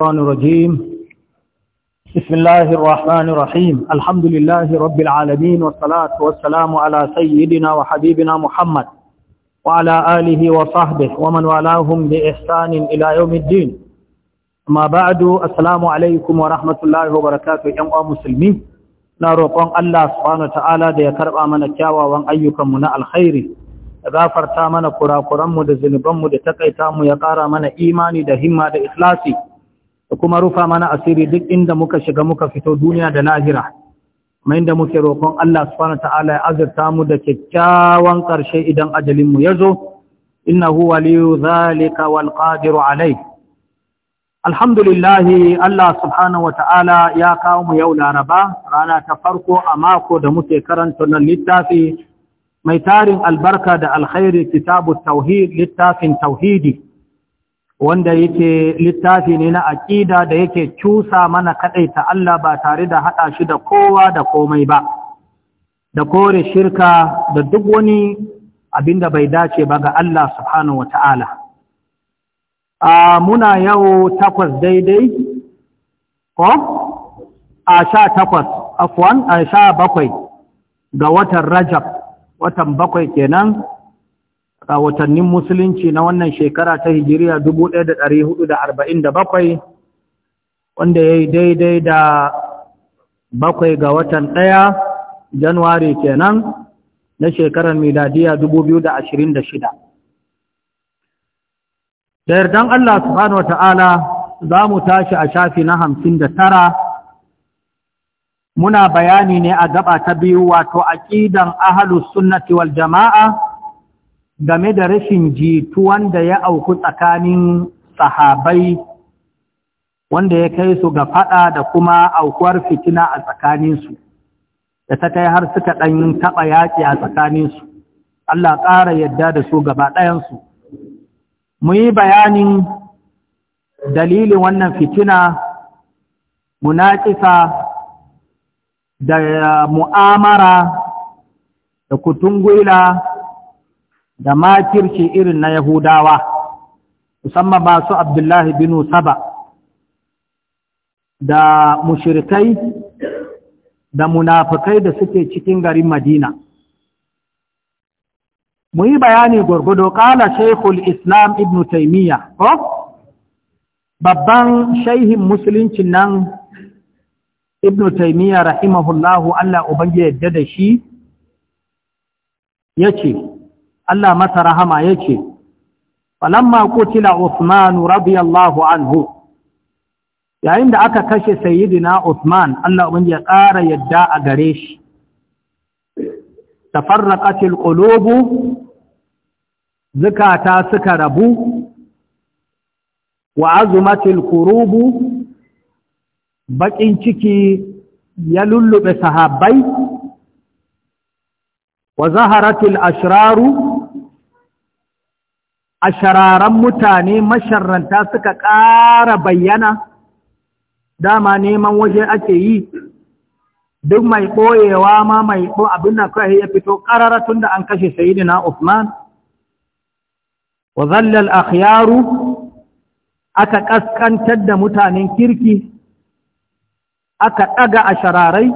الشيطان الرجيم بسم الله الرحمن الرحيم الحمد لله رب العالمين والصلاة والسلام على سيدنا وحبيبنا محمد وعلى آله وصحبه ومن والاهم بإحسان إلى يوم الدين ما بعد السلام عليكم ورحمة الله وبركاته يا مسلمين نروقون الله سبحانه وتعالى da ya karba mana kyawawan ayyukanmu na alkhairi gafarta mana kurakuranmu da zunubanmu da takaita mu ya kara mana imani da himma da ikhlasi da kuma rufa mana asiri duk inda muka shiga muka fito duniya da lahira kuma inda muke roƙon Allah subhanahu ta'ala ya azurta mu da kyakkyawan ƙarshe idan ajalin mu yazo innahu waliyu zalika wal qadiru alai alhamdulillah Allah subhanahu ta'ala ya kawo mu yau laraba rana ta farko a mako da muke karanta nan littafi mai tarin albarka da alkhairi kitabu tauhid littafin tauhidi wanda yake littafi ne na aƙida da yake cusa mana ta Allah ba tare da haɗa shi da kowa da komai ba da kore shirka da duk wani abinda bai dace ba ga Allah subhanahu wa ta'ala a muna yau takwas daidai ko a sha takwas afwan a sha bakwai ga watan rajab watan bakwai kenan a watannin musulunci na wannan shekara ta hijiriya 1447 wanda ya yi daidai da bakwai ga watan ɗaya januwari kenan na shekarar miladiya 2026 da yardan Allah subhanahu wa ta'ala za mu tashi a shafi na hamsin da muna bayani ne a gaba ta biyu wato aƙidan ahalus sunnati wal jama'a game da rashin jituwan da ya auku tsakanin sahabai wanda ya kai su ga fada da kuma aukuwar fitina a tsakaninsu da ta kai har suka ɗan taɓa yaƙi a tsakaninsu Allah ƙara yadda da su gaba ɗayansu mu yi bayanin dalilin wannan fitina munaƙisa da mu'amara da kutungwila da makirci irin na Yahudawa, musamman masu Abdullahi binu Saba, da mushirikai da munafukai da suke cikin garin Madina. Mu yi bayani gwargwado ƙala shekul Islam Ibn Taimiyya, ko? Babban shaihin Musuluncin nan Ibn Taimiyya rahimahullahu Allah Ubangiji yadda da shi, ya ce, Allah masa rahama yake falamma qutila Uthman radiyallahu anhu yayin da aka kashe sayidina Uthman Allah ya ƙara yadda a gare shi Tafarraƙatil qulubu Zukata suka rabu wa azumatil kurubu Baƙin ciki ya lullube sahabbai wa zaharatil ashraru a shararan mutane masharranta suka ƙara bayyana dama neman waje ake yi duk mai ɓoyewa ma mai ɓo abin da kawai ya fito tun da an kashe sayidina Usman. wa zallal akhyaru aka ƙasƙantar da mutanen kirki aka ɗaga a shararai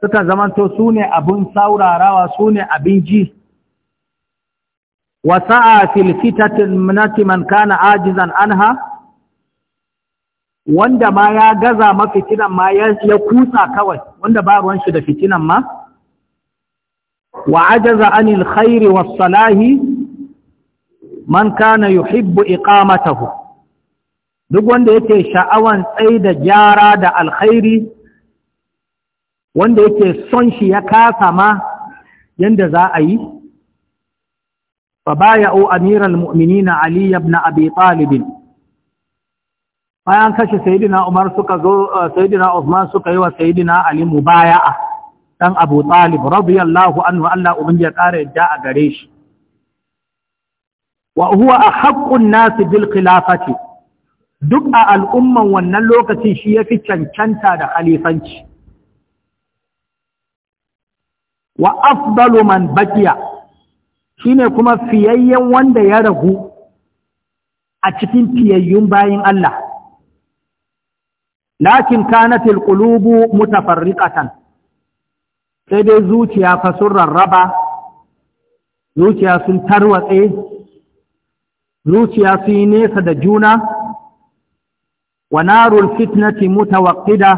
suka zamanto su ne abin saurarawa su ne abin ji a filfita الفتة منات من كان ajizan Anha? wanda ma ya gaza ma fitinan ma ya kusa kawai wanda ba ruwan shi da fitinan ma wa ajaza anil khairi was salahi man kana yuhibbu iqamatahu duk wanda yake sha'awan tsai da gyara da alkhairi wanda yake son shi ya kasa ma yanda za a yi فبايعوا أمير المؤمنين علي بن أبي طالب bayan kashe sayidina Umar suka suka yi wa Saidina Ali mubaya'a dan Abu Talib radiyallahu anhu Allah ubangiji ya kare yadda a gare shi wa a ahaqqun nasi bil khilafati duk a al'umman wannan lokacin shi ya fi cancanta da khalifanci wa afdalu man shine kuma fiyayyen wanda ya ragu a cikin fiyayyun bayan Allah lakin kanatil qulubu mutafarriqatan sai dai zuciya fa sun rarraba zuciya sun tarwatse zuciya sun yi nesa da juna wa narul fitnati mutawaqqida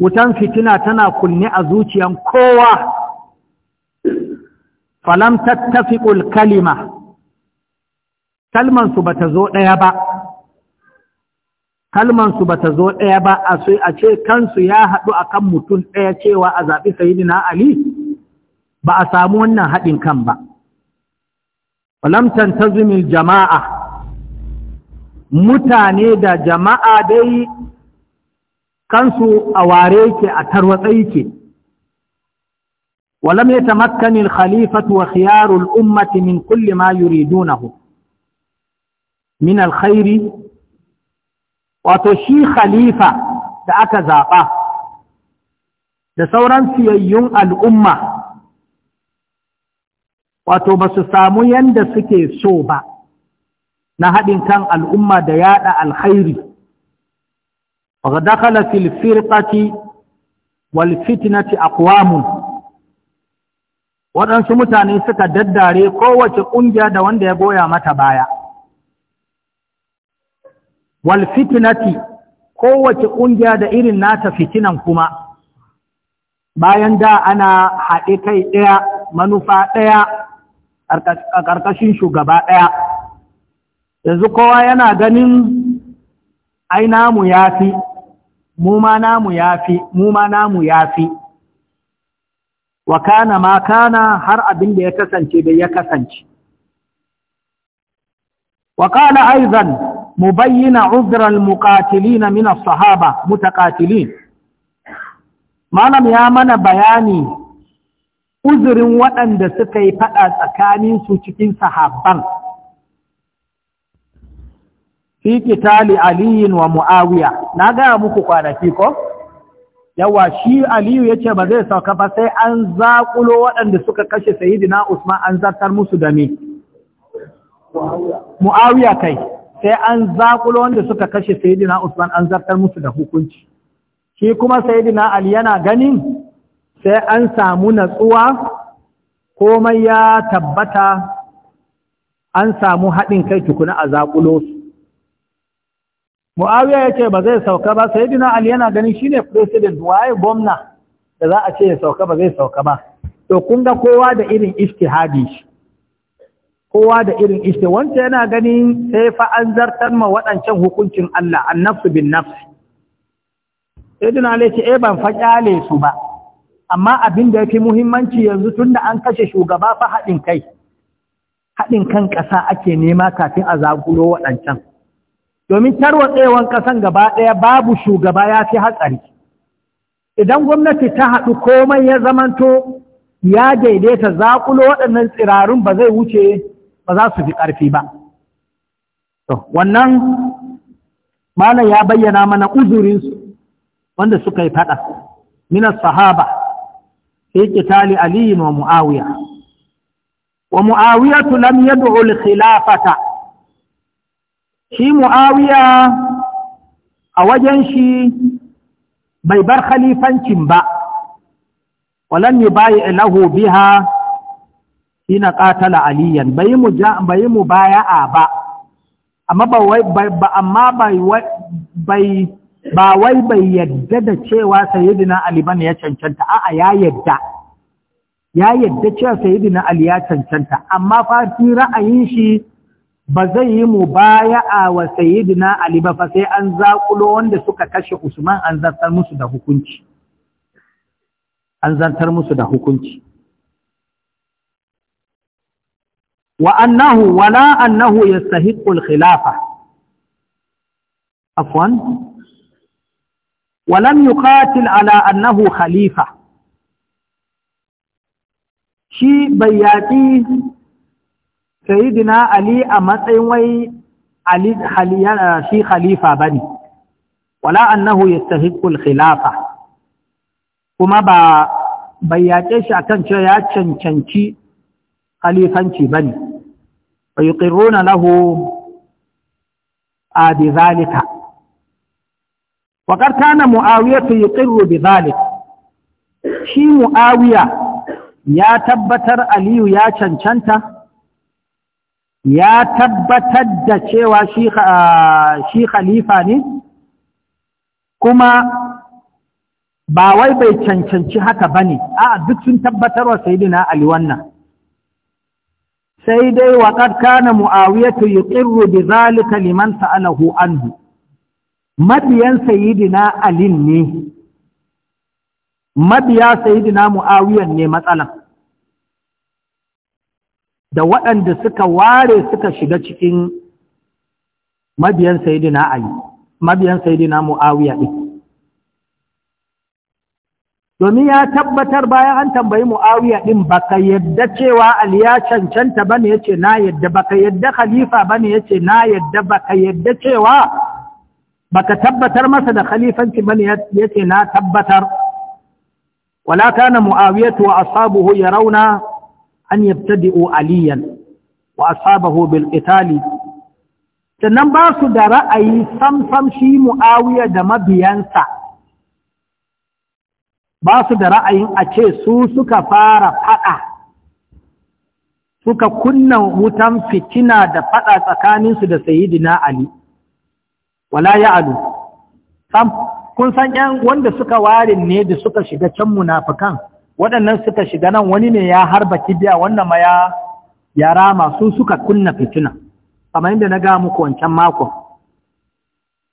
wutan fitina tana kunne a zuciyan kowa falam tattafiqul kalima kalman su bata zo ɗaya ba kalman su bata zo ɗaya ba a sai a ce kansu ya haɗu akan mutum ɗaya cewa a zaɓi sayyidina ali ba a samu wannan haɗin kan ba falam tantazimil jama'a mutane da jama'a dai kansu a ware yake a tarwatsa yake ولم يتمكن الخليفة وخيار الأمة من كل ما يريدونه من الخير وتشي خليفة دعك زاقه دسورا سيئيون الأمة وتبس ساميا دسكي سوبا نهد كان الأمة دياء الخير وغدخل في الفرقة والفتنة أقوامه waɗansu mutane suka daddare kowace ƙungiya da wanda ya goya mata baya wal fitinati kowace ƙungiya da irin nata fitinan kuma bayan da ana haɗe kai ɗaya manufa ɗaya a ƙarƙashin shugaba ɗaya yanzu kowa yana ganin ai namu ya fi mu ma namu ya fi mu ma namu ya fi wa kana ma kana har abin da ya kasance da ya kasance wa kana aizan mubayyana uzral muqatilina min as-sahaba mutaqatilin malam ya mana bayani uzurin waɗanda suka yi faɗa tsakaninsu cikin sahabban fi kitali aliyin wa mu'awiya na gaya muku kwanaki ko? yawa shi aliyu ya ce ba zai sauka ba sai an zaƙulo waɗanda suka kashe sayidina usman an zartar musu da ne mu'awiya kai sai an zaƙulo wanda suka kashe sayidina usman an zartar musu da hukunci shi kuma sayidina ali yana ganin sai an samu natsuwa komai ya tabbata an samu haɗin kai tukuna a zaƙulo su muawiya ya ce ba zai sauka ba sai dina ali yana ganin shine president waye gwamna da za a ce ya sauka ba zai sauka ba to kun ga kowa da irin hadi shi kowa da irin ijtihadi wanda yana ganin sai fa an zartar ma waɗancan hukuncin Allah annafsu bin nafsi sai dina ali ce eh ban fa kyale su ba amma abin da fi muhimmanci yanzu tunda an kashe shugaba fa haɗin kai haɗin kan ƙasa ake nema kafin a zagulo waɗancan domin tarwatsewan ƙasan gaba ɗaya babu shugaba ya fi hatsari idan gwamnati ta haɗu komai ya zamanto ya daidaita zaƙulo waɗannan tsirarun ba zai wuce ba za su fi ƙarfi ba wannan malam ya bayyana mana uzurinsu wanda suka yi faɗa minas sahaba sai ƙitali aliyin wa mu'awiya wa mu'awiyatu lam yad'u khilafata shi mu'awiya a wajen shi bai bar khalifancin ba walan ni bayi lahu biha ina qatala aliyan bai yi mu baya a ba amma ba wai ba wai bai yadda da cewa sayidina Ali ban ya cancanta a'a ya yadda ya yadda cewa sayidina Ali ya cancanta amma fa ra'ayin shi ba zai yi mu baya a wa sayidina Ali ba fa sai an zakulo wanda suka kashe Usman an zartar musu da hukunci an zartar musu da hukunci wa annahu wala annahu yastahiqu al-khilafa afwan wa lam yuqatil ala annahu khalifa shi bai sayidina ali a matsayin wai Ali shi khalifa bane wala annahu yastahiqul khilafa kuma ba bai yaƙe shi akan cewa ya cancanci khalifanci bane fa yuqirruna lahu a bi zalika wa qad kana muawiya yuqirru bi zalik shi muawiya ya tabbatar aliyu ya cancanta ya tabbatar da cewa ah, shi khalifa ne kuma ba wai bai cancanci haka ba ne a duk sun wa sai dina ali sai dai waƙar kana mu'awiyatu yi ƙirru bi zalika liman sa'alahu anhu mabiyan sayidina alin ne mabiya sayidina mu'awiyan ne matsalan da waɗanda suka ware suka shiga cikin mabiyan sayidina Ali mabiyan sayidina Muawiya ɗin. domin ya tabbatar bayan an tambayi Muawiya ɗin? baka yadda cewa Ali ya cancanta ya yace na yadda baka yadda khalifa ya yace na yadda baka yadda cewa baka tabbatar masa da khalifanci ya yace na tabbatar wala kana Muawiyatu wa ya rauna? an yabtadi'u aliyan wa asabahu bil qitali sannan ba su da ra'ayi samsam shi mu'awiya da mabiyansa ba su da ra'ayin a ce su suka fara fada suka kunna wutan fitina da fada tsakaninsu da sayidina ali wala ya'alu sam kun san yan wanda suka warin ne da suka shiga can munafikan waɗannan suka shiga nan wani ne ya harba kibiya wannan ma ya ya rama su suka kunna fitina kamar yadda na ga muku wancan makon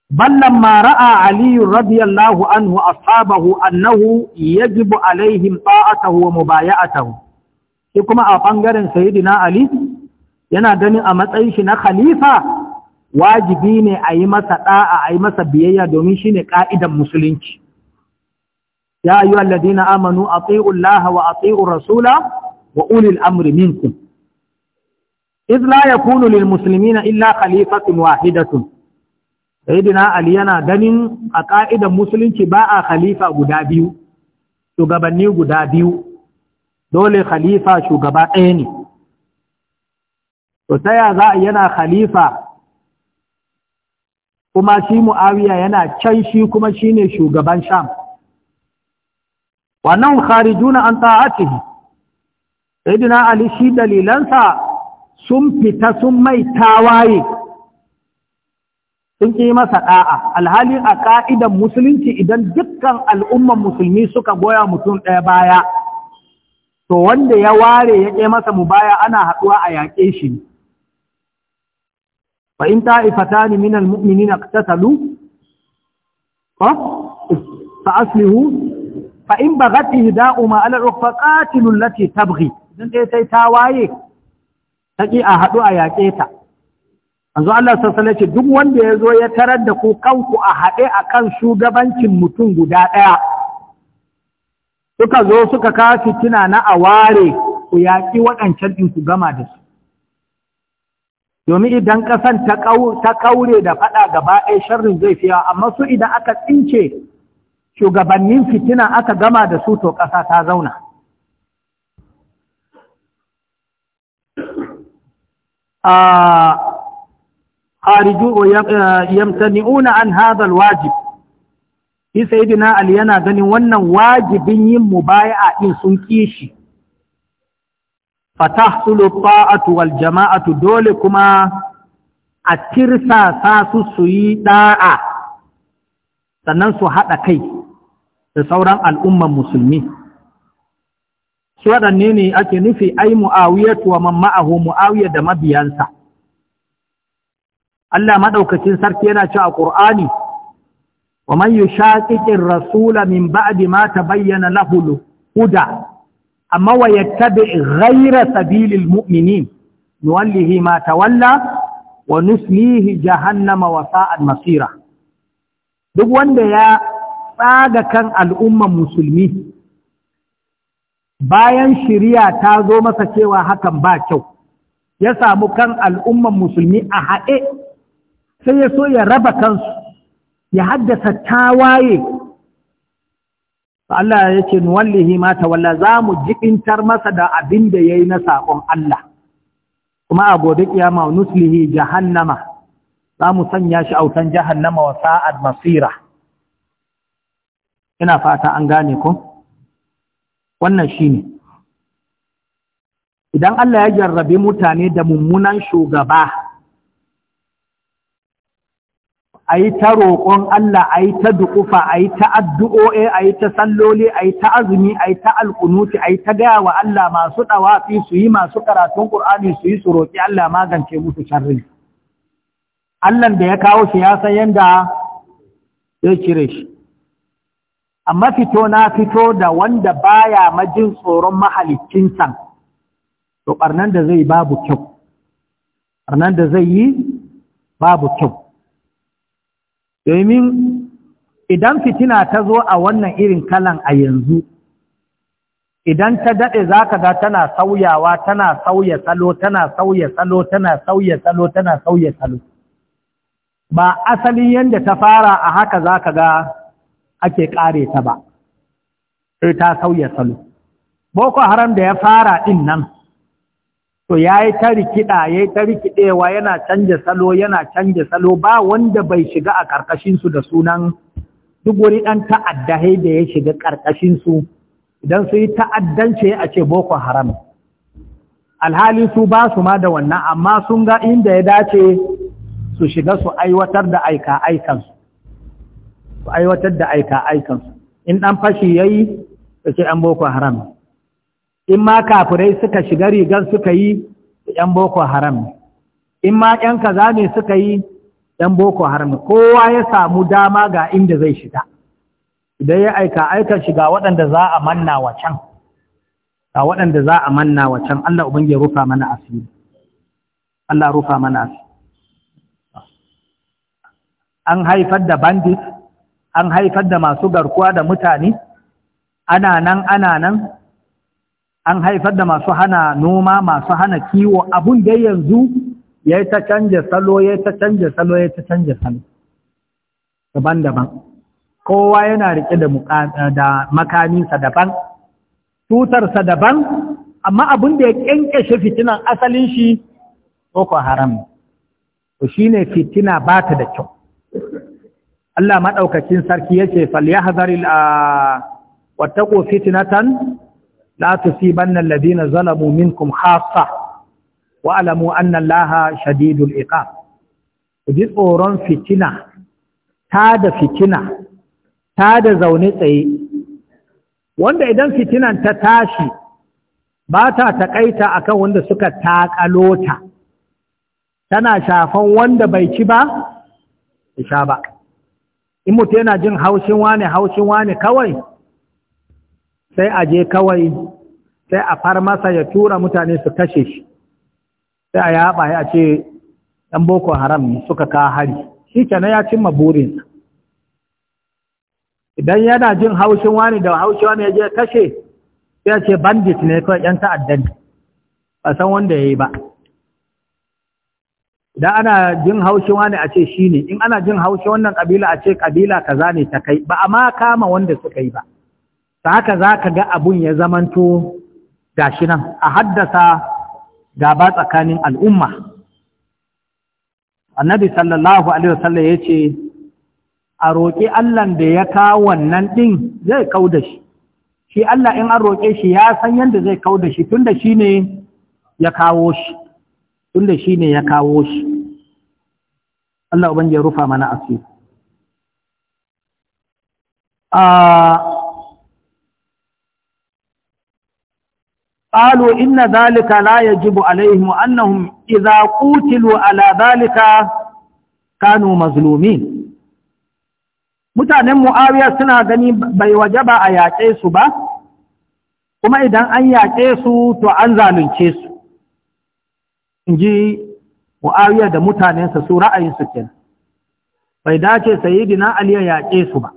ballan ma ra'a aliyu radiyallahu anhu ashabahu annahu yajibu alaihim ta'atahu wa mubaya'atahu shi kuma a bangaren sayyidina ali yana ganin a matsayin shi na khalifa wajibi ne a yi masa da'a a yi masa biyayya domin shine ka'idan musulunci ya ayyuhal ladina amanu atii'u Allah wa atii'u rasula wa ulil amri minkum idh la yakunu lil muslimina illa khalifatun wahidatun sayyidina ali yana ganin a ka'idar musulunci ba a khalifa guda biyu shugabanni guda biyu dole khalifa shugaba ɗaya ne to ta ya za yana khalifa kuma shi mu'awiya yana can shi kuma shine shugaban sham wannan kharijuna an ta'atihi sayyidina ali shi dalilansa sun fita sun mai tawaye sun ƙi masa ɗa'a alhali a ƙa'idan musulunci idan dukkan al'umman musulmi suka goya mutum ɗaya baya to wanda ya ware ya ke masa mu baya ana haɗuwa a yaƙe shi ne فإن طائفتان من المؤمنين اقتتلوا aslihu. fa in baghat ihda'uma ala al qatilul lati tabghi idan dai sai ta waye taki a hadu a yake ta anzo Allah sallallahu alaihi duk wanda ya zo ya tarar da ku kanku a hade akan shugabancin mutum guda ɗaya, suka zo suka kawo tuna na ware, ku yaki waɗancan din ku gama da su domin idan ƙasan ta kaure da faɗa gaba ɗaya sharrin zai fiya amma su idan aka tsince shugabannin fitina aka gama da su to ƙasa ta zauna a hariju'u eh, yamtani'una an hadal wajib shi sayyidina ali yana ganin wannan wajibin yin mubaya'a in sun kishi fatahsulu ta'atu wal jama'atu dole kuma a tirsa su su yi ɗa'a, sannan su haɗa kai da sauran al'umman musulmi. Su waɗanne ne ake nufi ai mu'awiyatu wa man ma'ahu mu'awiyar da mabiyansa. Allah maɗaukacin sarki yana cewa Ƙur'ani, wa man yi shaƙiƙin rasula min ba'adi ma ta bayyana lahulu huda, amma wa yattabi ghaira sabilil mu'minin, nuwallihi ma tawalla wa nuslihi jahannama wa sa'ad masira. Duk wanda ya tsaga kan al'umman musulmi bayan shirya ta zo masa cewa hakan ba kyau ya samu kan al'umman musulmi a haɗe sai ya so ya raba kansu ya haddasa tawaye Allah ya ce nuwallihi mata walla za mu jikintar masa da abin da ya yi na saƙon Allah kuma a gobe ƙiyama nuslihi jahannama za mu sanya shi autan jahannama wa sa'ad masira ina fata an gane ko wannan shine idan Allah ya jarrabe mutane da mummunan shugaba a yi ta roƙon Allah a yi ta duƙufa a yi ta addu'o'e a yi ta salloli a yi ta azumi a yi ta alƙunuti a yi ta gaya wa Allah masu ɗawafi su yi masu karatun ƙur'ani su yi su roƙi Allah magance musu sharri Allah da ya kawo shi ya san yadda ya cire shi amma fito na fito da wanda baya majin tsoron mahalicinsa to ɓarnan da zai babu kyau ɓarnan da zai yi babu kyau domin idan fitina ta zo a wannan irin kalan a yanzu idan ta daɗe za ka ga tana sauyawa tana sauya salo tana sauya salo tana sauya salo tana sauya salo ba asalin yadda ta fara a haka za ka ga ake ƙare ta ba ta sauya salo boko haram da ya fara ɗin nan to ya yi ta rikiɗa, ya yi ta rikiɗewa, yana canja salo yana canja salo ba wanda bai shiga a ƙarƙashinsu da sunan duk wani ɗan ta'adda da ya shiga ƙarƙashinsu idan su yi ta'addance a ce boko haram alhali su ba su ma da wannan amma sun ga inda ya dace su shiga su aiwatar da aika aikansu aiwatar da aika aikansu in ɗan fashi ya yi an boko haram in ma kafirai suka shiga rigar suka yi ‘yan boko haram in ma ‘yan kaza ne suka yi ‘yan boko haram kowa ya samu dama ga inda zai shiga idan ya aika aika shiga waɗanda za a manna wa can ga waɗanda za a manna wa can Allah ubangi rufa mana asiri Allah rufa mana asiri an haifar da bandit an haifar da masu garkuwa da mutane ana nan ana nan an haifar da masu hana noma masu hana kiwo abun da yanzu ya yi ta canja salo ya yi ta canja salo ya yi ta canja salo daban-daban kowa yana riƙe da makaminsa daban tutarsa daban amma abin da ya ƙyanƙyashe fitinan asalin shi boko haram to ne fitina ba ta da kyau Allah maɗaukacin sarki yace falyahzaril a ah, wattaqu fitnatan la bannan alladhina zalamu minkum khassa wa alamu Annalaha, Allaha shadidul iqab ku ji tsoron fitina ta da fitina ta da zaune tsaye wanda idan fitinan ta tashi ba ta takaita akan wanda suka takalota tana shafan wanda bai ci ba ya sha ba in mutu yana jin haushin wane haushin wane kawai sai a je kawai sai a far masa ya tura mutane su kashe shi sai a yaba ya ce ɗan boko haram suka ka hari shi kenan ya cimma burinsa idan yana jin haushin wani da haushin wani ya je kashe sai yace ce bandit ne kawai 'yan ta'addan ba san wanda ya yi ba idan ana jin haushi wani a ce shi ne in ana jin haushi wannan kabila a ce kabila kaza ne ta kai ba a ma kama wanda suka yi ba ta haka za ka ga abun ya zamanto shi nan a haddasa gaba tsakanin al'umma annabi sallallahu alaihi wasallam ya ce a roƙi allan da ya kawo wannan ɗin zai kau da shi shi allah in an roƙe shi ya san yadda zai kau da shi tun da shi ne ya kawo shi tunda shi ne ya kawo shi Allah ban ya rufa mana asiri قالوا إن ذلك لا يجب عليهم وأنهم إذا ala zalika ذلك كانوا mutanen mu'awiyar suna gani bai waje ba a yaƙe su ba kuma idan an yaƙe su to an zalunce su in ji mu'awiya da mutanensa su ra'ayinsu kenan bai dace sayidina Aliyu ya yaƙe su ba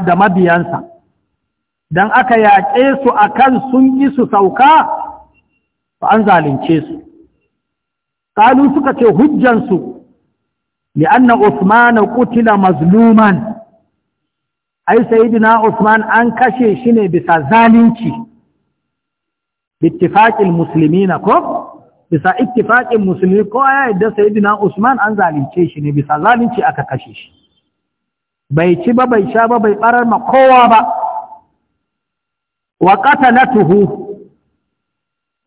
da mabiyansa don aka yaƙe su a kan sun yi su sauka ba an zalince su ƙalu suka ce hujjansu li'anna Usman ƙutila mazluman ai sayidina Usman an kashe shi ne bisa zalunci bittifaqil muslimina ko bisa ittifaqin musulmi ko ya yadda sayyidina Usman an zalunce shi ne bisa zalunci aka kashe shi bai ci ba bai sha ba bai barar ma kowa ba wa qatalatuhu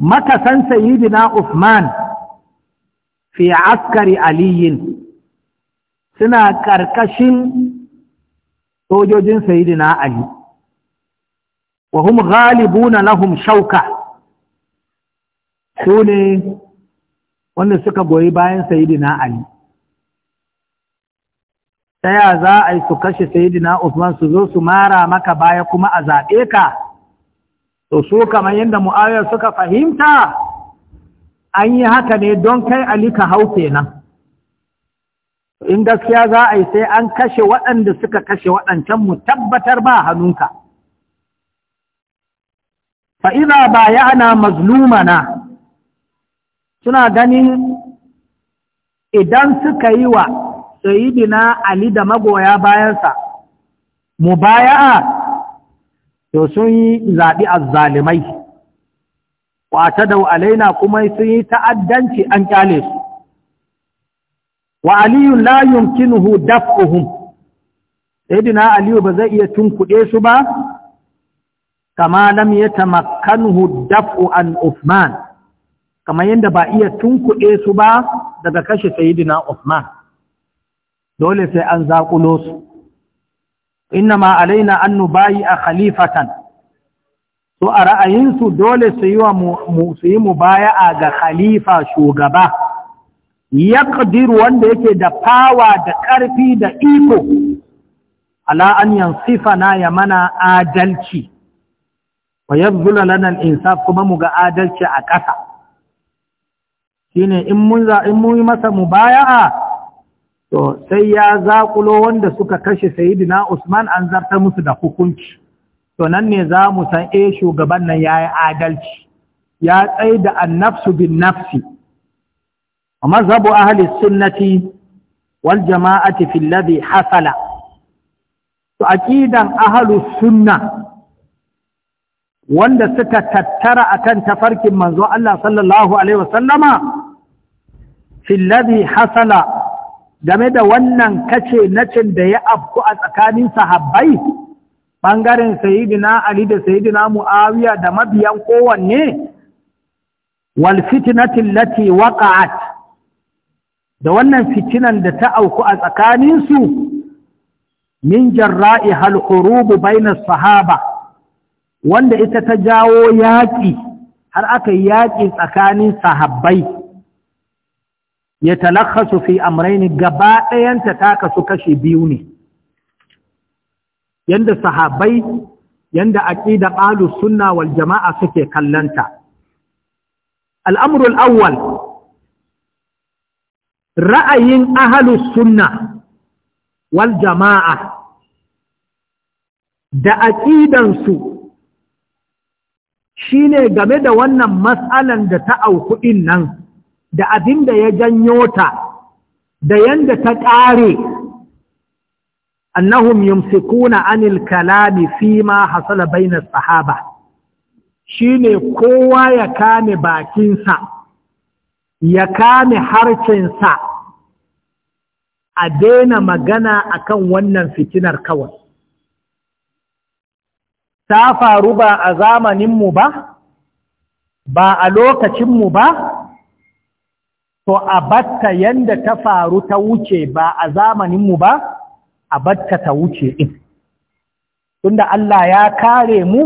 makasan sayyidina Usman fi askari aliyin suna ƙarƙashin sojojin sayyidina Ali wa hum ghalibuna lahum shauka su ne wanda suka goyi bayan sayidina Ali. Ta ya za a yi su kashe sayidina Usman su zo su mara maka baya kuma a zaɓe ka, to su kamar yadda mu'awiyar suka fahimta an yi haka ne don kai Ali ka hau kenan. In gaskiya za a yi sai an kashe waɗanda suka kashe waɗancan mu tabbatar ba hannunka. Fa'iza ba yana mazlumana. suna ganin idan suka yi wa sayidina Ali da magoya bayansa mu mubaya'a to sun yi zaɓi a zalimai, wata da alaina kuma sun yi ta'addanci an kyale su wa aliyun la daf daf'uhum sayidina aliyu ba zai iya tunkuɗe su ba kama lam yatamakkanuhu daf'u an Uthman kamar yadda ba iya tunkuɗe su ba daga kashe sayidina Usman dole sai an zaƙulo su ma alaina an nubayi a khalifatan to a ra'ayinsu dole su yi su yi mubaya'a ga khalifa shugaba ya wanda yake da fawa da ƙarfi da iko ala an sifa na ya mana adalci wa yabzula lana al-insaf kuma mu ga adalci a ƙasa shine in mun za in mun masa mubaya'a to sai ya zaƙulo wanda suka kashe sayyidina Usman an zartar musu da hukunci to nan ne za mu san eh shugaban nan yayi adalci ya tsai da annafsu bin nafsi wa mazhabu ahli sunnati wal jama'ati fil ladhi hasala to aqidan ahli sunnah wanda suka tattara akan tafarkin manzo Allah sallallahu alaihi wasallama filladhi hasala game da wannan kace nacin da ya afku a tsakanin sahabbai ɓangaren Saidina Ali da Saidina Muawiya da mabiyan kowanne wal fitnati allati waqa'at da wannan fitinan da ta auku a tsakaninsu min jarra'i hal hurub sahaba wanda ita ta jawo yaƙi har aka yi yaƙi tsakanin sahabbai ya talakhasu fi amraini gaba ɗayanta ta kasu kashe biyu ne yanda sahabbai yanda aqida ahlus sunna wal jama'a suke kallanta al'amru al-awwal ra'ayin ahlus sunna wal jama'a da su shi ne game da wannan matsalan da ta auku nan da abin da ya janyo ta da yadda ta ƙare annahum yumsikuna anil kalami fima hasala baina sahaba Shi ne kowa ya kame bakinsa ya kame harcinsa a daina magana akan wannan fitinar kawai ta faru ba a zamaninmu ba ba a lokacinmu ba to a batta yanda ta faru ta wuce ba a zamaninmu ba a batta ta wuce in tunda Allah ya kare mu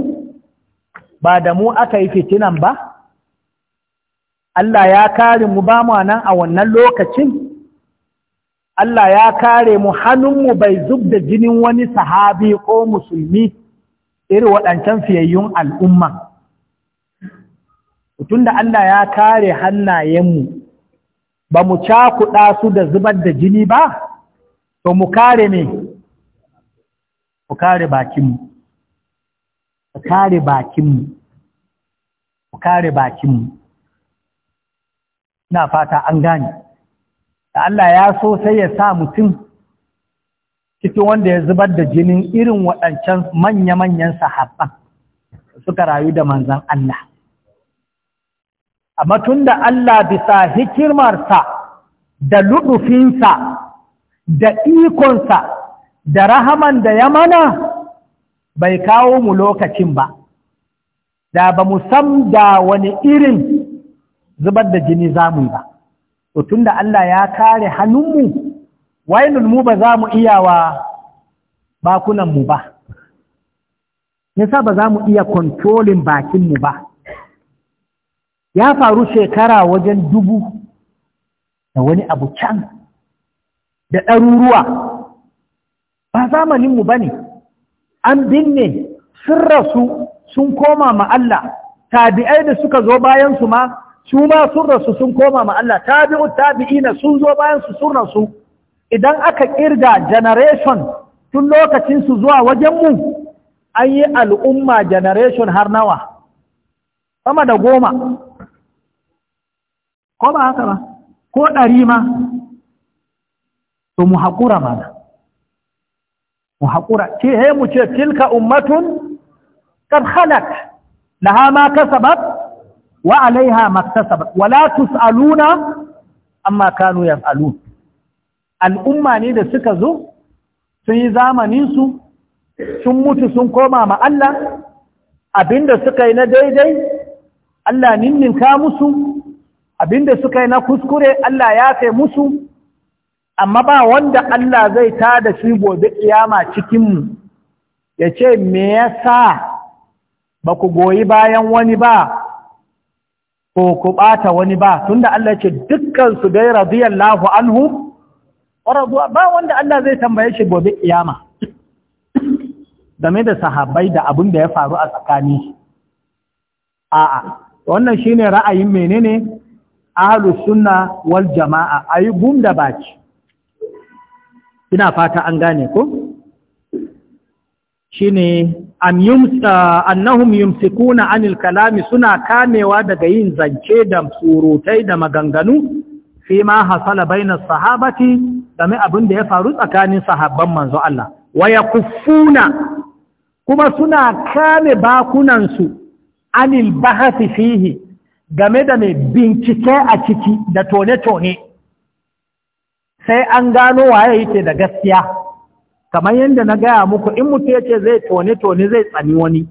ba da mu aka yi fitinan ba Allah ya kare mu ba mu nan a wannan lokacin Allah ya kare mu hannunmu bai zub da jinin wani sahabi ko musulmi irin waɗancan fiyayyun al'umma tun da Allah ya kare hannayenmu ba mu cakuɗa su da zubar da jini ba to mu kare ne ku kare bakinmu ku kare bakinmu ku kare bakinmu na fata an gane da Allah ya so sai ya sa mutum cikin wanda ya zubar da jinin irin waɗancan manya-manyan sahabban suka rayu da manzan Allah. Amma tun da Allah bisa hikimarsa da luɗufinsa da ikonsa da rahaman da ya mana bai kawo mu lokacin ba, da ba mu san da wani irin zubar da jini zamu ba. tun da Allah ya kare hannunmu wainun mu ba za mu iya wa bakunanmu ba yasa ba za mu iya kontrolin bakinmu ba ya faru shekara wajen dubu da wani abu can da ɗaruruwa ba zamaninmu ba ne an binne sun rasu sun koma ma Allah tabi'ai da suka zo bayansu ma su ma sun rasu sun koma ma Allah tabi'u tabi'ina sun zo bayansu sun rasu idan aka kirga generation tun lokacin su zuwa wajenmu an yi al'umma generation har nawa sama da goma ko ba haka ba ko ɗari ma to mu haƙura mana mu haƙura ce he mu ce tilka ummatun kad khalat laha ma kasabat wa alaiha maktasabat wala tusaluna amma kanu yaf'alun al'umma ne da suka zo sun yi zamaninsu sun mutu sun koma ma Allah abinda suka yi na daidai Allah ninninka musu abinda suka yi na kuskure Allah ya kai musu amma ba wanda Allah zai ta da shi gobe kiyama cikinmu ya ce me yasa ba ku goyi bayan wani ba ko ku ɓata wani ba tunda Allah ce dukkansu dai radiyallahu anhu ƙwararruwa ba wanda Allah zai tambaye shi gobe ƙiyama game da sahabbai da abin da ya faru a tsakani a'a wannan shine ra'ayin menene ahlus suna wal jama'a a yi gum da baki ina fata an gane ko shine an annahum yumsikuna anil kalami suna kamewa daga yin zance da surutai da maganganu fi ma hasala baina sahabati game abin da ya faru tsakanin sahabban manzo Allah waya kufuna kuma suna kame bakunansu anil bahati fihi game da mai bincike a ciki da tone-tone sai an gano waye yake da gaskiya kamar yadda na gaya muku in mutu ya ce zai tone-tone zai tsani wani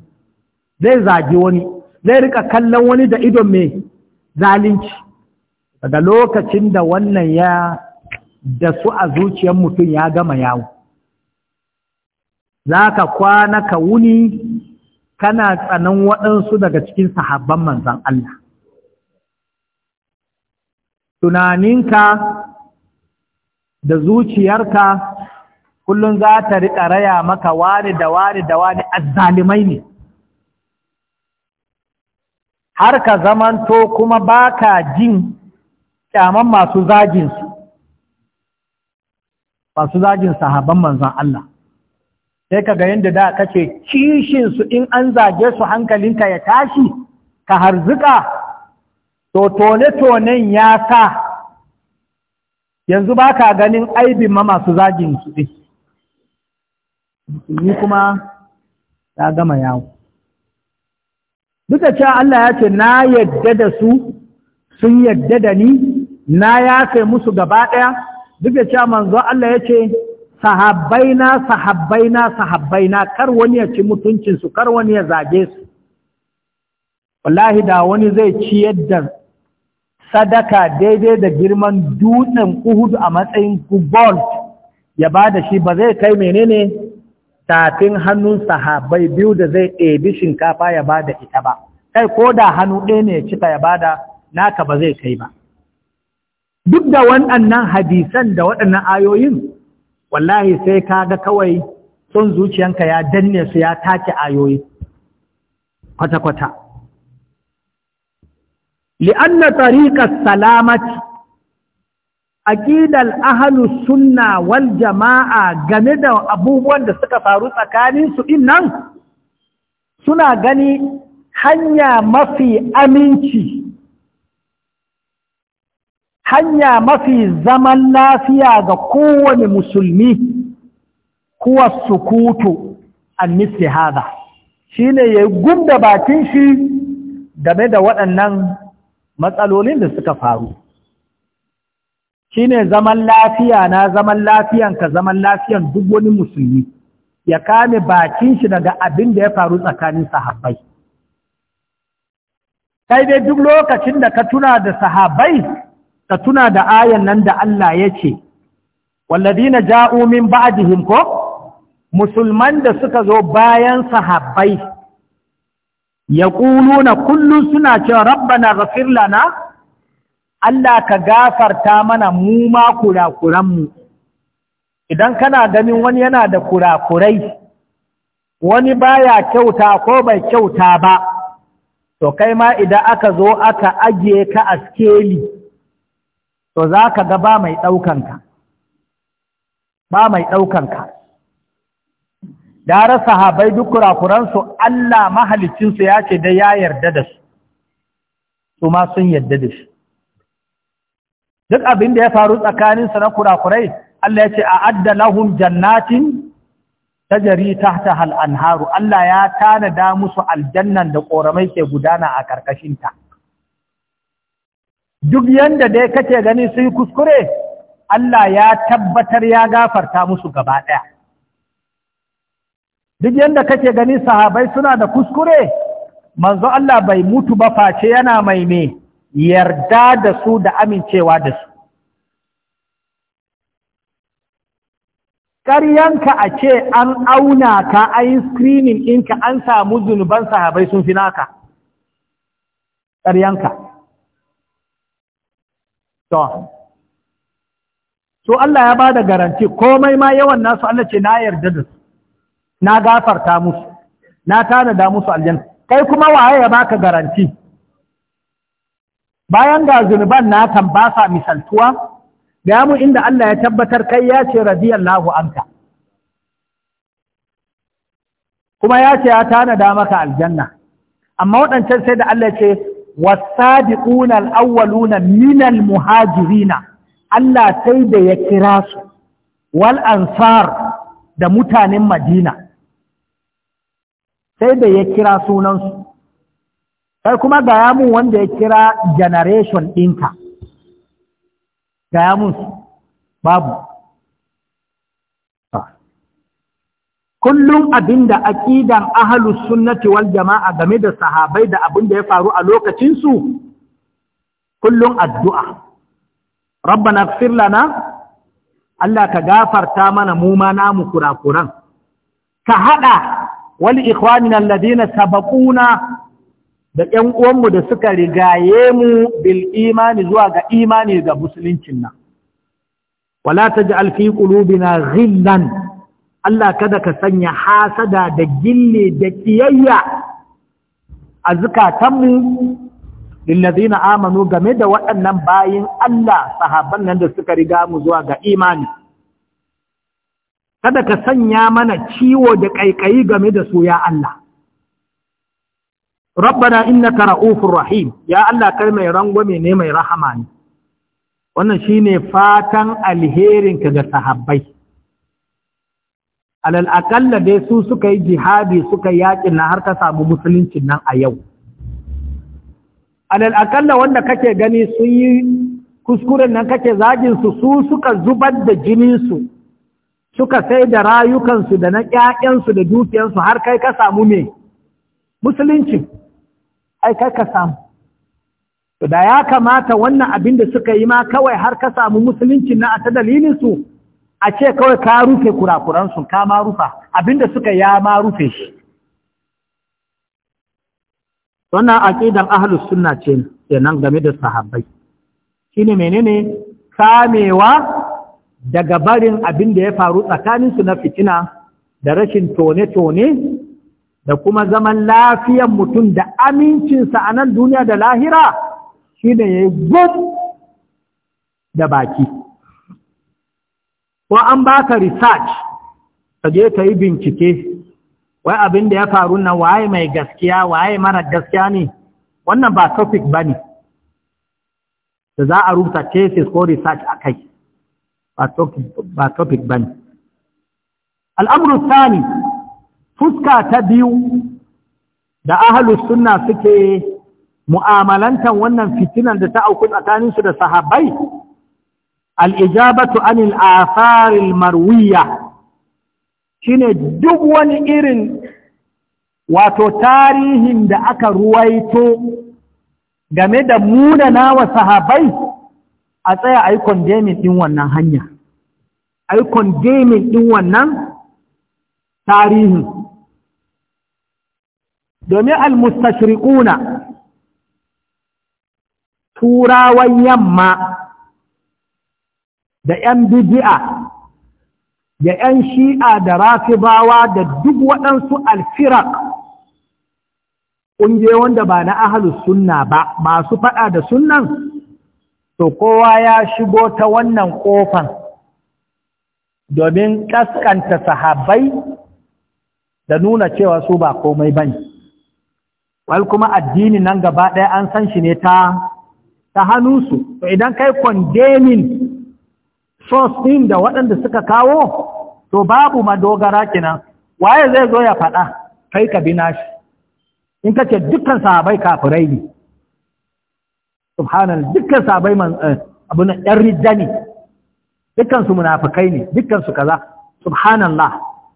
zai zagi wani zai rika kallon wani da idon mai zalunci daga lokacin da wannan ya da su a zuciyar mutum ya gama yawo za ka kwana ka wuni kana tsanan waɗansu daga cikin sahabban manzan Allah tunaninka da zuciyarka kullum za ta riƙa raya maka wani da wani da wani azzalimai ne har ka zamanto kuma baka jin kyaman masu zagin masu zagin sahaban manzon Allah sai ka ga yadda da kace kishin su in an zage su hankalinka ya tashi ka harzuka to tone tonen ya sa yanzu baka ganin aibin ma masu zagin su ɗin ni kuma ta gama yawo duk cewa Allah ya ce na yadda da su sun yadda da ni na yafe musu gaba ɗaya duk da cewa manzo Allah ya ce sahabaina, sahabbai na kar wani ya ci mutuncinsu kar wani ya zage su wallahi da wani zai ci yadda sadaka daidai da girman dutsen uhudu a matsayin gold ya ba da shi ba zai kai menene tafin hannun sahabbai biyu da zai ɗebi shinkafa ya ba da ita ba kai ko da hannu ɗaya ne ya cika ya ba da naka ba zai kai ba duk da waɗannan hadisan da waɗannan ayoyin wallahi sai ka ga kawai son zuciyanka ya danne su ya take ayoyi kwata-kwata li'anna tariqas salamati aƙidar ahlus sunna wal jama'a game da abubuwan da suka faru tsakanin su suna gani hanya mafi aminci hanya mafi zaman lafiya ga kowane musulmi kuwa sukutu an misli hada shine ya gunda bakin shi game da waɗannan matsalolin da suka faru Shi ne zaman lafiya na zaman lafiyan ka zaman lafiyan duk wani musulmi ya kame bakin shi daga abin da ya faru tsakanin sahabbai kai dai duk lokacin da ka tuna da sahabbai ka tuna da ayan nan da Allah ya ce walladina ja’o min ba'dihim ko musulman da suka zo bayan sahabbai ya na kullum suna cewa rabbana rafir lana Allah ka gafarta mana mu ma kurakuran mu idan kana ganin wani yana da kurakurai wani baya kyauta ko bai kyauta ba to kai ma idan aka zo aka ajiye ka a skeli to za ka ga ba mai ɗaukanka ba mai ɗaukanka dare sahabai duk kurakuransu Allah mahalicinsu ya ce da ya yarda da su su ma sun yarda da shi duk abin da ya faru tsakaninsu na kurakurai Allah ya ce a adda jannatin ta jari ta hal anharu Allah ya tanada musu aljannan da ƙoramai ke gudana a ƙarƙashinta. duk yanda dai kake gani su yi kuskure Allah ya tabbatar ya gafarta musu gaba ɗaya duk yanda kake gani sahabai suna da kuskure manzo Allah bai mutu ba face yana mai me yarda da su da amincewa da su ƙaryanka a ce an auna ka a yi screening ɗinka an samu zunuban sahabai sun fi naka ƙaryanka to so Allah ya ba da garanti komai ma yawan nasu Allah ce na yarda da su na gafarta musu na tanada musu aljanna kai kuma waye ya baka garanti bayan ga zunuban na kan ba sa misaltuwa ga mu inda Allah ya tabbatar kai ya ce radiyallahu anka kuma ya ce ya tanada maka aljanna amma waɗancan sai da Allah ce والسابقون الأولون من muhajirina Allah sai da ya kira wal ansar da mutanen Madina sai da ya kira sunansu sai kuma gaya mun wanda ya kira generation ɗinka gaya mun babu kullum abinda aqidan ahlus sunnati wal jama'a game da sahabai da abinda ya faru a lokacin su kullum addu'a rabbana ighfir lana Allah ka gafarta mana mu ma namu kurakuran ka hada wal ikhwanina alladhina sabaquna da ƴan uwanmu da suka rigaye mu bil imani zuwa ga imani ga musuluncin nan wala taj'al fi qulubina ghillan Allah kada ka sanya hasada da gille da ƙiyayya a zukatanmu lillazina amanu game da waɗannan bayin Allah sahabban nan da suka riga mu zuwa ga imani kada ka sanya mana ciwo da ƙaiƙayi game da su ya Allah rabbana innaka ra'ufur rahim ya Allah kai mai rangwame ne mai rahama ne wannan shine fatan alherinka ka ga sahabbai alal akalla dai su suka yi jihadi suka yaƙin na har ka samu musuluncin nan a yau alal akalla wanda kake gani sun yi kuskuren nan kake zaginsu su suka zubar da jininsu suka sai da rayukansu da na ƙyaƙensu da dukiyansu har kai ka samu me musulunci ai kai ka samu da ya kamata wannan abin da suka yi ma kawai har ka samu musulunci na a ta dalilinsu a ce kawai ka rufe kurakuransu ka ma rufa abinda suka ya ma rufe shi wannan aqidan ahlus sunna ce kenan game da sahabbai shine menene kamewa daga barin abinda ya faru tsakaninsu na fitina da rashin tone-tone da kuma zaman lafiyan mutum da amincinsa a nan duniya da lahira shi ne ya yi da baki ko an baka research ka je ka yi bincike wai abin da ya faru nan waye mai gaskiya waye mara gaskiya ne wannan ba topic ba ne da za a rubuta thesis ko research a kai ba topic ba ne al'amuru sani fuska ta biyu da ahalus sunna suke mu'amalantar wannan fitinan da ta auku tsakaninsu da sahabbai al'ijabatu anil afaril marwiya shine duk wani irin wato tarihin da aka ruwaito game da munana wa sahabai a tsaya a yi kondemin ɗin wannan hanya a yi kondemin ɗin wannan tarihin domin almustashriquna turawan yamma da 'yan bidi'a da 'yan shi'a da rafibawa da duk waɗansu alfirak ƙungiyoyi wanda ba na ahalus sunna ba masu faɗa da sunnan to kowa ya shigo ta wannan ƙofan domin ƙaskanta sahabbai da nuna cewa su ba komai ba wal kuma addini nan gaba ɗaya an san shi ne ta ta hannunsu to idan kai kondemin trust din da waɗanda suka kawo to babu madogara kina. waye zai zo ya faɗa kai ka bina shi in ka ce dukkan sahabai kafirai ne Subhanallah dukkan sahabai eh, na ɗan rijja ne dukkan su munafukai ne dukkan su kaza subhanallah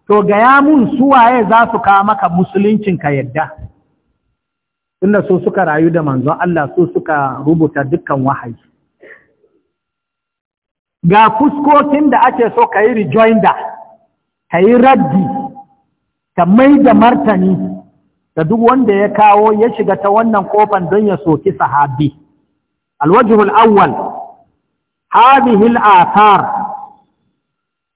to ya mun su waye za su kawo maka musuluncin ka yadda inda su suka rayu da manzon Allah su suka rubuta dukkan wahayi ga fuskokin da ake so ka yi rejoinder ka yi raddi ka mai da martani da duk wanda ya kawo ya shiga ta wannan kofan don ya soki sahabi alwajihul awwal hadihil athar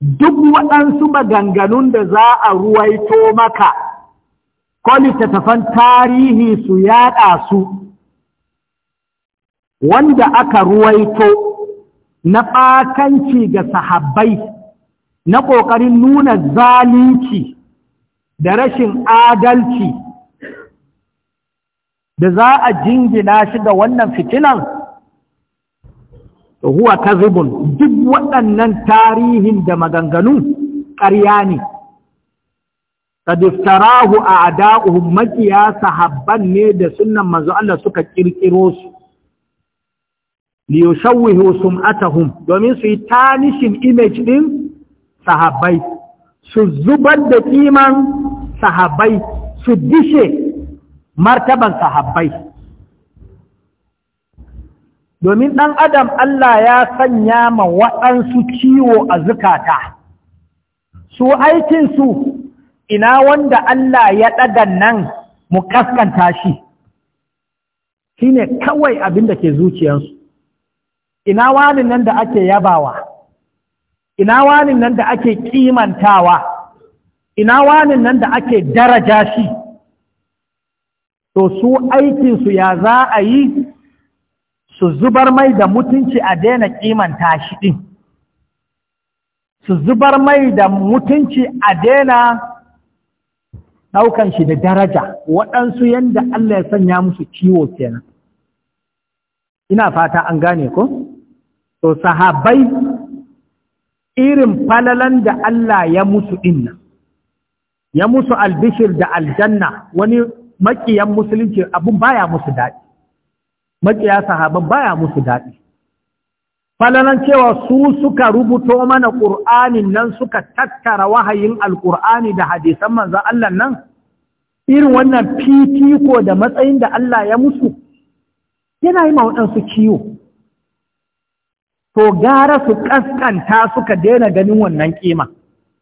duk waɗansu maganganun da za a ruwaito maka ko littattafan tarihi su yaɗa su wanda aka ruwaito na ɓatanci ga sahabbai na ƙoƙarin nuna zalunci da rashin adalci da za a jingina shi da wannan fitinan huwa kazibun duk waɗannan tarihin da maganganu ƙarya ne kadiftarahu a ada'uhum makiya sahabban ne da sunan manzo suka ƙirƙiro su liyusawwihu sum'atahum domin su yi tanishin image din sahabbai su zubar da kiman sahabbai su dishe martaban sahabbai domin ɗan adam Allah ya sanya ma waɗansu ciwo a zukata su aikinsu ina wanda Allah ya ɗaga nan mu kaskanta shi shine ne kawai abin da ke zuciyarsu ina wani nan da ake yabawa ina wani nan da ake kimantawa ina wani nan da ake daraja shi to su aikinsu ya za a yi su zubar mai da mutunci a daina kimanta shi ɗin su zubar mai da mutunci a daina ɗaukan shi da daraja waɗansu yadda Allah ya sanya musu ciwo kenan ina fata an gane ko? So sahabai irin falalan da Allah ya musu inna ya musu albishir da aljanna wani makiyan musulunci abun baya musu daɗi makiya sahaban baya musu daɗi falalan cewa su suka rubuto mana ƙur'anin nan suka tattara wahayin alƙur'ani da hadisan manzan Allah nan irin wannan fifiko da matsayin da Allah ya musu yana yi ma waɗansu kiwo to gara su kaskanta suka daina ganin wannan kima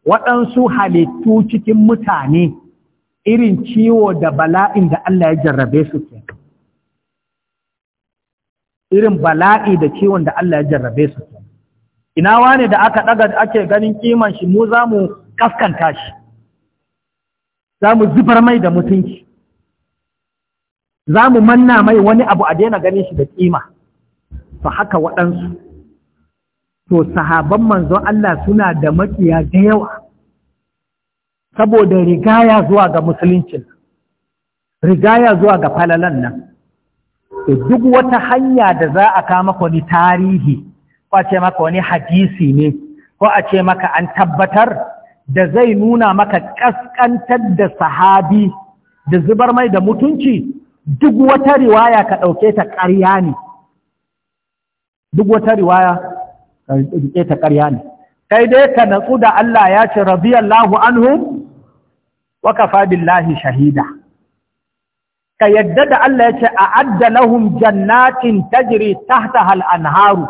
waɗansu halittu cikin mutane irin ciwo da bala'in da Allah ya jarrabe su ke irin bala'i da ciwon da Allah ya jarrabe su ke ina wane da aka ɗaga ake ganin kiman shi mu za mu kaskanta shi za mu zubar mai da mutunci za mu manna mai wani abu a daina ganin shi da kima to haka waɗansu to sahaban manzon Allah suna da maƙiya da yawa saboda rigaya zuwa ga musuluncin rigaya zuwa ga falalan nan duk wata hanya da za a kama wani tarihi ko a ce maka wani hadisi ne ko a ce maka an tabbatar da zai nuna maka kaskantar da sahabi da zubar mai da mutunci duk wata riwaya ka ɗauke ta ƙarya ne duk wata riwaya ka rike ta ƙarya ne kai dai ka natsu da Allah ya ce radiyallahu anhum wa kafa billahi shahida ka yadda da Allah ya ce a adda lahum jannatin tajri tahtaha al-anharu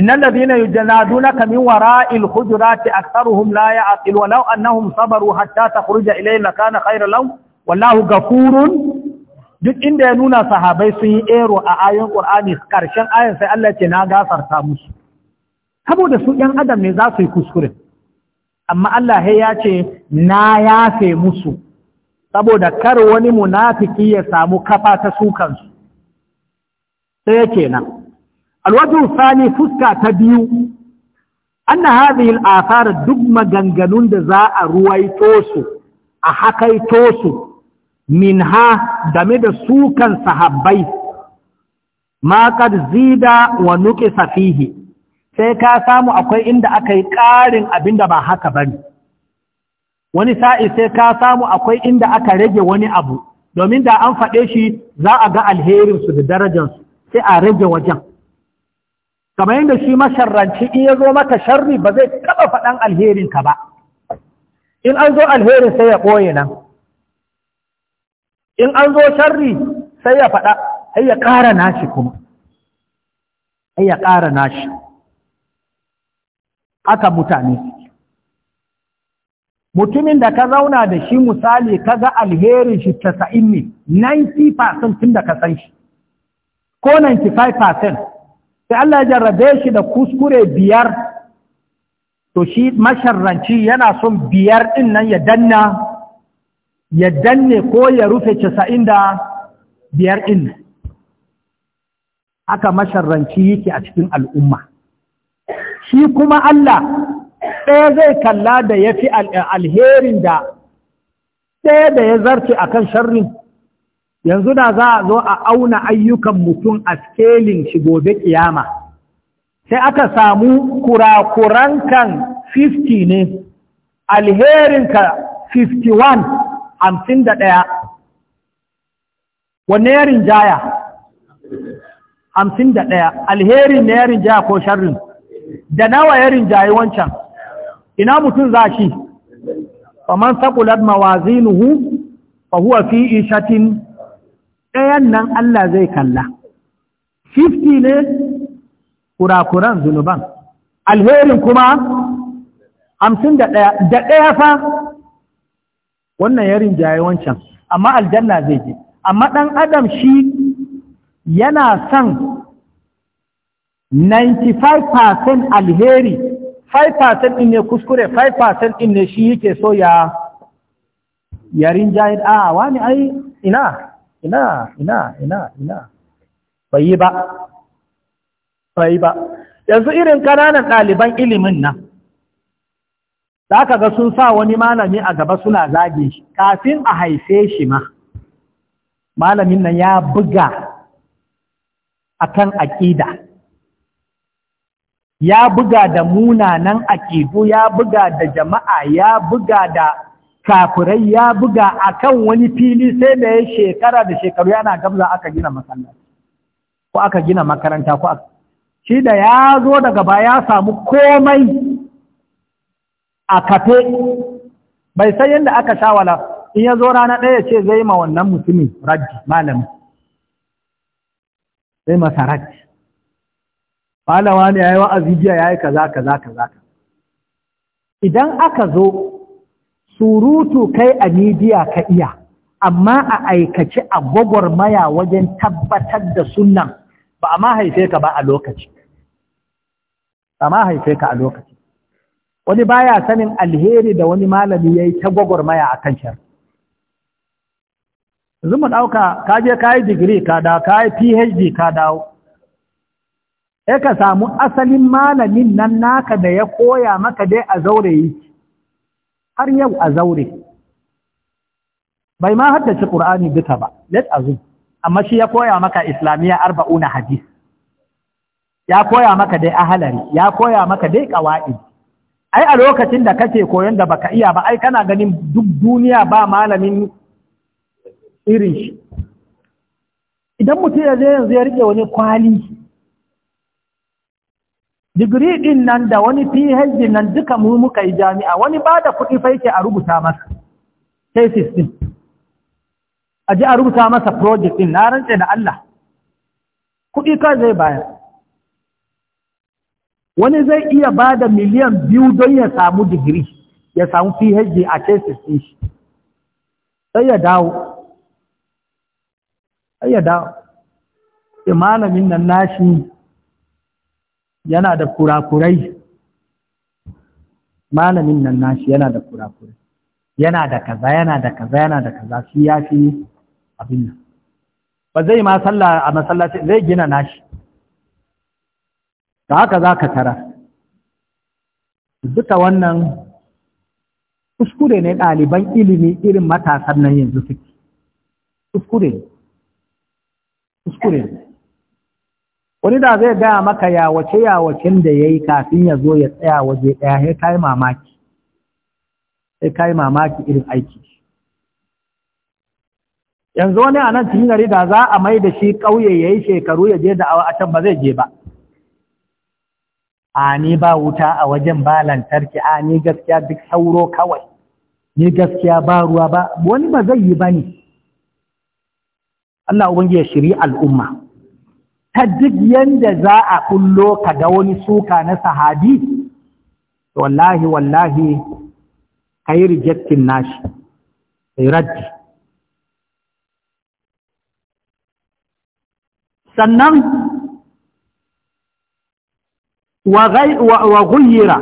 innal ladhina yujanadunaka min wara'il hujurati aktharuhum la ya'qiluna law annahum sabaru hatta takhruja ilayhim lakana khayran lahum wallahu ghafurun duk inda ya nuna sahabai sun yi ero a ayin ƙur'ani ƙarshen ayin sai Allah ce na gafarta musu saboda su ‘yan adam ne za su yi kuskure amma Allah ya ce na yafe musu saboda kar wani munafiki ya samu kafa ta su kansu sai kenan alwajin sani fuska ta biyu anna hadhihi al-athar duk maganganun da za a ruwaito su a hakaito su Min ha game da sukan sahabbai ma kad zida wa nuke safihi, sai ka samu akwai inda aka yi ƙarin da ba haka ba ne, wani sa'i sai ka samu akwai inda aka rage wani abu domin da an faɗe shi za a ga alherinsu da su, sai a rage wajen kamar yadda shi masharranci in ya zo maka sharri ba zai taɓa faɗan alherinka ba in an zo alherin sai ya ɓoye nan in an zo sharri sai ya faɗa sai ya ƙara nashi kuma sai ya ƙara nashi aka mutane mutumin da ka zauna da shi misali ka ga alherin shi casa'in ne 90% tun da ka san shi ko 95% sai Allah ya jarrabe shi da kuskure biyar to shi masharranci yana son biyar ɗin nan ya danna ya danne ko ya rufe casa'in da biyar ɗin aka masharranci yake a cikin al'umma shi kuma Allah ɗaya zai kalla da ya fi alherin da ɗaya da ya zarce a kan sharrin yanzu na za a zo a auna ayyukan mutum a skelin shi gobe ƙiyama sai aka samu kurakurankan 50 ne alherinka 51 hamsin da ɗaya wanne ya rinjaya hamsin da ɗaya alherin na ya rinjaya ko sharrin da nawa ya rinjaye wancan ina mutum za shi faman saƙulat mawazinuhu fa huwa fi ishatin ɗayan nan Allah zai kalla 50 ne kurakuran zunuban alherin kuma hamsin da ɗaya da ɗaya fa wannan ya rinjaye wancan amma aljanna zai je amma ɗan adam shi yana son 95% alheri 5% ɗin ne kuskure 5% ɗin ne shi yake so ya yarin jayin a wani ai ina ina ina ina ina bai yi ba bai ba yanzu irin ƙananan ɗaliban ilimin nan za ka ga sun sa wani malami a gaba suna zagin shi kafin a haife shi ma malamin nan ya buga akan aƙida ya buga da munanan aƙidu ya buga da jama'a ya buga da kafirai ya buga a kan wani fili sai da ya shekara da shekaru yana gamza aka gina masallaci ko aka gina makaranta ko shi da ya zo daga baya ya samu komai a kafe bai san yadda aka shawala in ya zo rana ɗaya ce zai ma wannan mutumin raji malami zai masa raji malama ne ya yi wa'azi jiya ya yi kaza kaza kaza idan aka zo surutu kai a midiya ka iya amma a aikace a maya wajen tabbatar da sunan ba a ma haife ka ba a lokaci wani baya sanin alheri da wani malami ya yi ta gwagwarmaya a kan shar Zuma ɗauka ka je ka yi digiri ka dawo ka yi phd ka dawo E ka samu asalin malamin nan naka da ya koya maka dai a zaure yi har yau a zaure bai ma haddace ƙur'ani duka ba let zo, amma shi ya koya maka islamiyya arba'una hadis ya koya maka dai ahalari ya koya maka dai ƙawa'id ai a lokacin da kake koyon da baka iya ba ai kana ganin duk duniya ba malamin irin shi idan mutum ya zai yanzu ya rike wani kwali digiri din nan da wani phd nan duka mu muka yi jami'a wani ba da kuɗi fa yake a rubuta masa thesis din a ji a rubuta masa project din na rantse da Allah kuɗi ka zai bayar wani zai iya ba da miliyan biyu don ya samu digiri ya samu phd a cases ɗin shi sai ya dawo sai ya dawo malamin nan nashi yana da kurakurai malamin nan nashi yana da kurakurai yana da kaza yana da kaza yana da kaza shi ya fi abin nan ba zai ma sallah a masallaci zai gina nashi da haka za ka tara duka wannan kuskure ne ɗaliban ilimi irin matasan nan yanzu suke kuskure kuskure wani da zai gaya maka yawace yawacen da ya yi kafin ya zo ya tsaya waje ɗaya sai kayi mamaki sai kayi mamaki irin aiki yanzu wani a nan cikin gari da za a mai da shi ƙauye ya yi shekaru ya je da awa a can ba zai je ba a ni ba wuta a wajen ba lantarki a ni gaskiya duk sauro kawai ni gaskiya ba ruwa ba wani ba zai yi ba ne Allah ubangi ya shiri al'umma ta duk yanda za a kullo ka ga wani suka na sahabi wallahi wallahi ka yi nashi ka yi raddi sannan wa ghayyira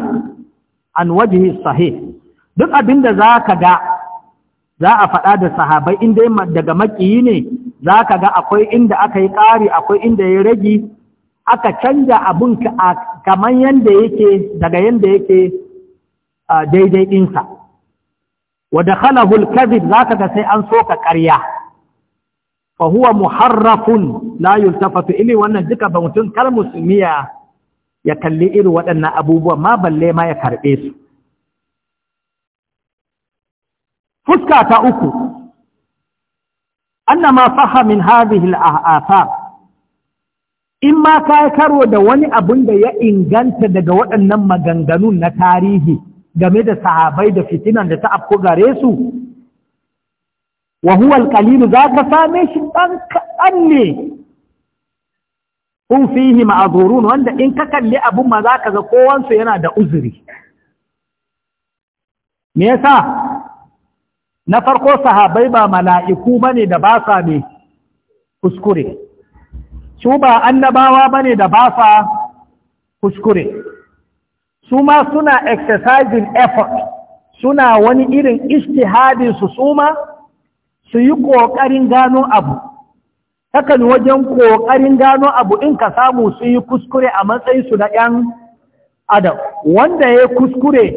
an wajhi sahih duk abinda zaka ga za a faɗa da sahabai inda daga makiyi ne zaka ga akwai inda aka yi ƙari akwai inda ya rage aka canja abun kaman yanda yake daga yanda yake daidai dinsa. wa khalahul al-kadhib ka ga sai an soka ƙarya fa huwa muharrafun la yultafatu ilai wannan duka ba mutun kar ya kalli irin waɗannan abubuwan ma balle ma ya karɓe su fuska ta uku annama saha min hadhihi al in ma ka karo da wani abun da ya inganta daga waɗannan maganganun na tarihi game da sahabai da fitinan da ta afko gare su wa huwa al za zaka same shi ɗan kaɗan ne hun fihi ma'azurun wanda in ka kalli abun ma za ka ga kowansu yana da uzuri me yasa na farko sahabai ba mala'iku ba ne da ba sa ne kuskure su ba annabawa ba ne da ba sa kuskure su ma suna exercising effort suna wani irin istihadin su suma su yi ƙoƙarin gano abu takan wajen ƙoƙarin gano abu in ka samu su yi kuskure a matsayinsu na ‘yan adam wanda ya kuskure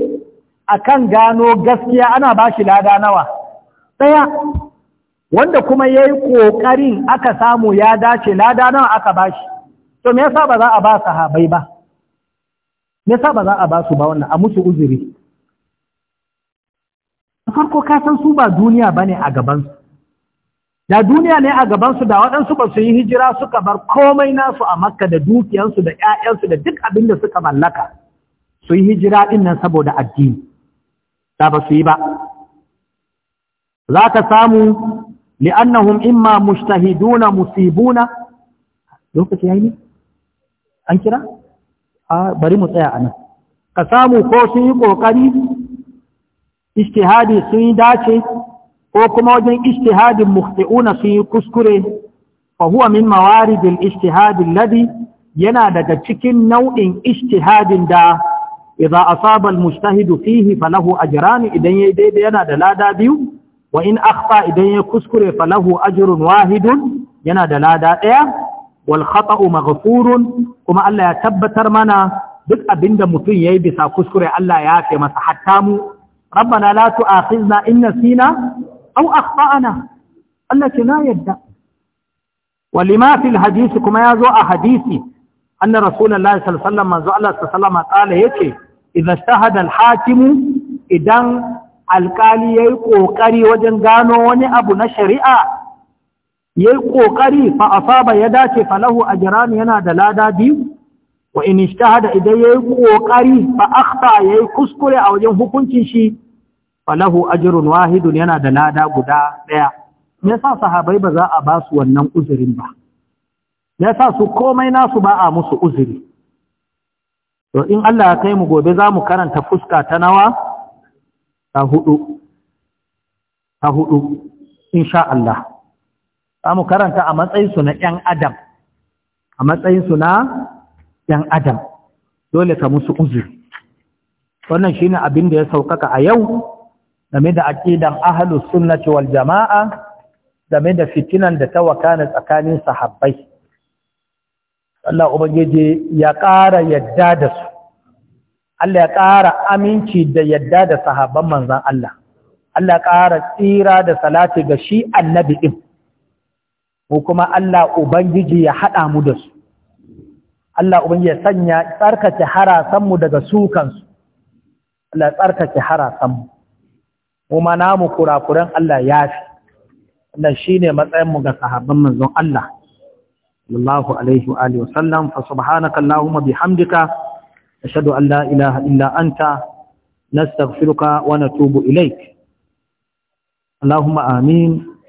a kan gano gaskiya ana ba shi lada nawa ɗaya wanda kuma ya yi ƙoƙarin aka samu ya dace lada nawa aka ba shi to me yasa ba za a ba sahabai ba me yasa ba za a ba su ba wannan a musu uzuri farko ka san su ba duniya bane a gabansu da duniya ne a gabansu da waɗansu ba su yi hijira suka bar komai nasu a makka da dukiyansu da ‘ya'yansu da duk abin da suka mallaka su yi hijira ɗin nan saboda addini da ba su yi ba za ka samu li'annahum imma mushtahiduna musibuna lokaci ya yi ne an kira a bari mu tsaya a ka samu ko sun yi ƙoƙari ishtihadi sun yi dace ko kuma wajen ishtihadin mukhti'una fi kuskure fa huwa min mawarid al-ijtihad alladhi yana daga cikin nau'in ijtihadin da idza asaba al-mujtahid fihi falahu ajran idan yayi daidai yana da lada biyu wa in akhta idan ya kuskure falahu ajrun wahidun yana da lada daya wal khata'u maghfurun kuma Allah ya tabbatar mana duk abinda mutum yayi bisa kuskure Allah ya yafe masa hatta mu rabbana la tu'akhizna in nasina أو أخطأنا Allah ce na yadda walima fil hadisi kuma ya zo a hadisi anna rasulullahi sallallahu alaihi wasallam manzo Allah sallallahu alaihi wasallam yace idan shahada al-hakim idan alkali yayi kokari wajen gano wani abu na shari'a yayi kokari fa asaba ya dace falahu ajran yana da lada biyu wa in ijtahada idan yayi kokari fa akhta yayi kuskure a wajen hukuncin shi falahu ajrun wahidun yana da lada guda ɗaya me yasa sahabai ba za a ba su wannan uzurin ba me yasa su komai nasu ba a musu uzuri to in Allah ya kai mu gobe za mu karanta fuska ta nawa ta hudu ta hudu insha Allah za mu karanta a matsayinsu na ‘yan adam a matsayinsu na ‘yan adam dole ka musu uzuri wannan shine abin da ya sauƙaƙa a yau game da aqidan ahlus sunnati wal jama'a game da fitinan da ta wakana tsakanin sahabbai Allah ubangiji ya ƙara yadda da su Allah ya ƙara aminci da yadda da sahabban manzan Allah Allah ƙara tsira da salati ga shi annabi ɗin ko kuma Allah ubangiji ya haɗa mu da su Allah ubangiji ya sanya tsarkake harasanmu daga su kansu Allah tsarkake harasanmu kuma namu kurakuran Allah ya fi wannan shine matsayin mu ga sahabban manzon Allah sallallahu alaihi wa alihi wasallam fa subhanaka allahumma bihamdika ashhadu an la ilaha illa anta nastaghfiruka wa natubu ilaik اللهم آمين